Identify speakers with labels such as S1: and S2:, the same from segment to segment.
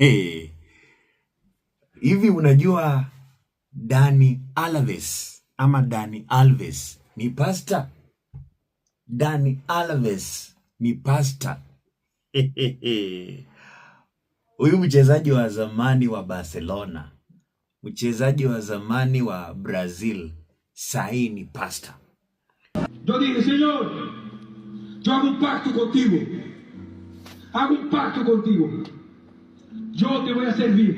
S1: Hey. Eh. Hivi unajua Dani Alves ama Dani Alves ni pasta? Dani Alves ni pasta. Huyu mchezaji wa zamani wa Barcelona, mchezaji wa zamani wa Brazil, sahii ni pasta.
S2: Yo dije, yo hago un pacto contigo. Hago un pacto contigo. Yo te voy a servir.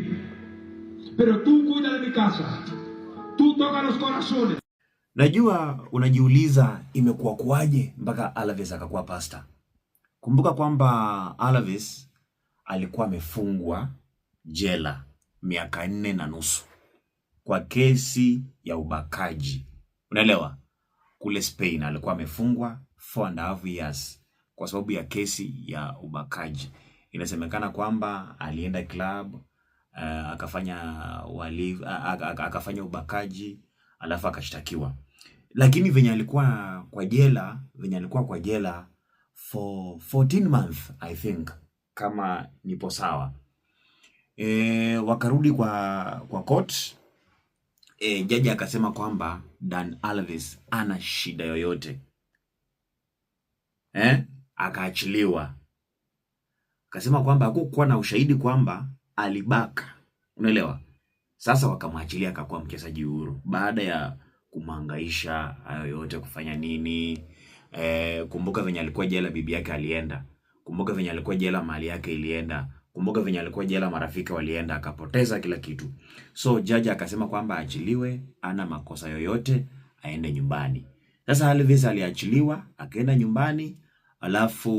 S2: Pero tú cuida de mi casa. Tú toca los corazones.
S1: Najua unajiuliza imekuwa kwaje mpaka Alaves akakuwa pasta. Kumbuka kwamba Alaves alikuwa amefungwa jela miaka nne na nusu kwa kesi ya ubakaji, unaelewa? Kule Spain alikuwa amefungwa four and a half years kwa sababu ya kesi ya ubakaji. Inasemekana kwamba alienda club uh, akafanya waliv, akafanya ubakaji alafu akashtakiwa, lakini venye alikuwa kwa jela, venye alikuwa kwa jela for 14 I think kama nipo sawa e, wakarudi kwa kwa court e, jaji akasema kwamba Dan Alves ana shida yoyote e, akaachiliwa Kasema kwamba hakukuwa na ushahidi kwamba alibaka, unaelewa? Sasa wakamwachilia akakuwa mchezaji huru baada ya kumangaisha hayo yote, kufanya nini e, kumbuka venye alikuwa jela, bibi yake alienda. Kumbuka venye alikuwa jela, mali yake ilienda. Kumbuka venye alikuwa jela, marafiki walienda, akapoteza kila kitu. So jaji akasema kwamba aachiliwe, ana makosa yoyote, aende nyumbani. Sasa Alves aliachiliwa akaenda nyumbani alafu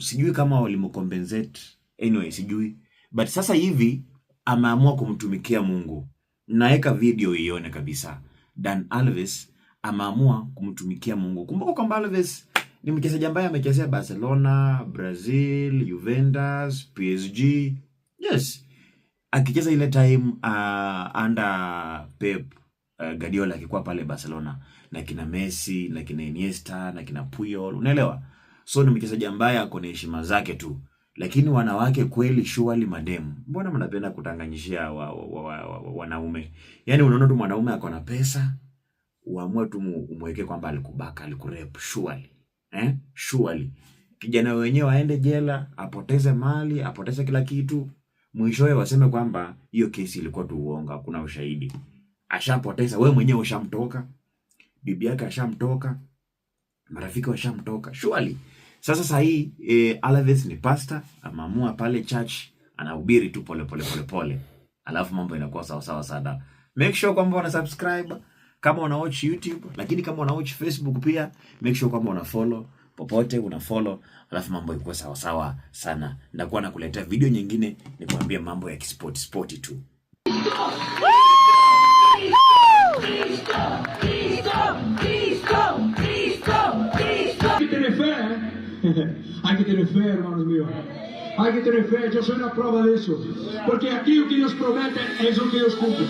S1: sijui kama walimkompensate anyway, sijui but sasa hivi ameamua kumtumikia Mungu. Naweka video ione kabisa, Dan Alves ameamua kumtumikia Mungu. Kumbuka kwamba Alves ni mchezaji ambaye amechezea Barcelona, Brazil, Juventus, PSG. Yes, akicheza ile time uh, under Pep uh, Guardiola akikuwa pale Barcelona na kina Messi na kina Iniesta na kina Puyol, unaelewa So ni mchezaji ambaye ako na heshima zake tu, lakini wanawake kweli, surely mademu mbona mnapenda kutanganyishia wa, wa, wa, wa, wa, wanaume? Yani unaona tu mwanaume ako na pesa, uamue tu umweke kwamba alikubaka, alikurep, surely eh, surely kijana wenyewe aende jela, apoteze mali, apoteze kila kitu, mwishowe waseme kwamba hiyo kesi ilikuwa tu uonga kuna ushahidi. Ashapoteza, wewe mwenyewe ushamtoka, bibi yake ashamtoka, marafiki washamtoka, surely sasa sahii eh, Alves ni pasta ameamua pale church anahubiri tu pole pole pole pole. Alafu mambo inakuwa sawa sawa sana. Make sure kwamba una subscribe kama una watch YouTube, lakini kama una watch Facebook pia make sure kwamba una follow popote una follow, alafu mambo ikuwa sawa sawa sana. Ndakuwa nakuletea video nyingine nikwambia mambo ya kisport sport tu.
S2: tener fe, hermanos míos. Hay que tener fe, yo soy la prueba de eso. Porque aquí lo que Dios promete es lo que Dios cumple.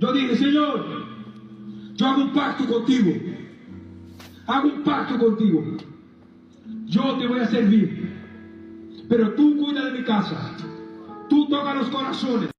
S2: Yo dije, Señor, yo hago un pacto contigo hago un pacto contigo. Yo te voy a servir. Pero tú cuida de mi casa. Tú toca los corazones.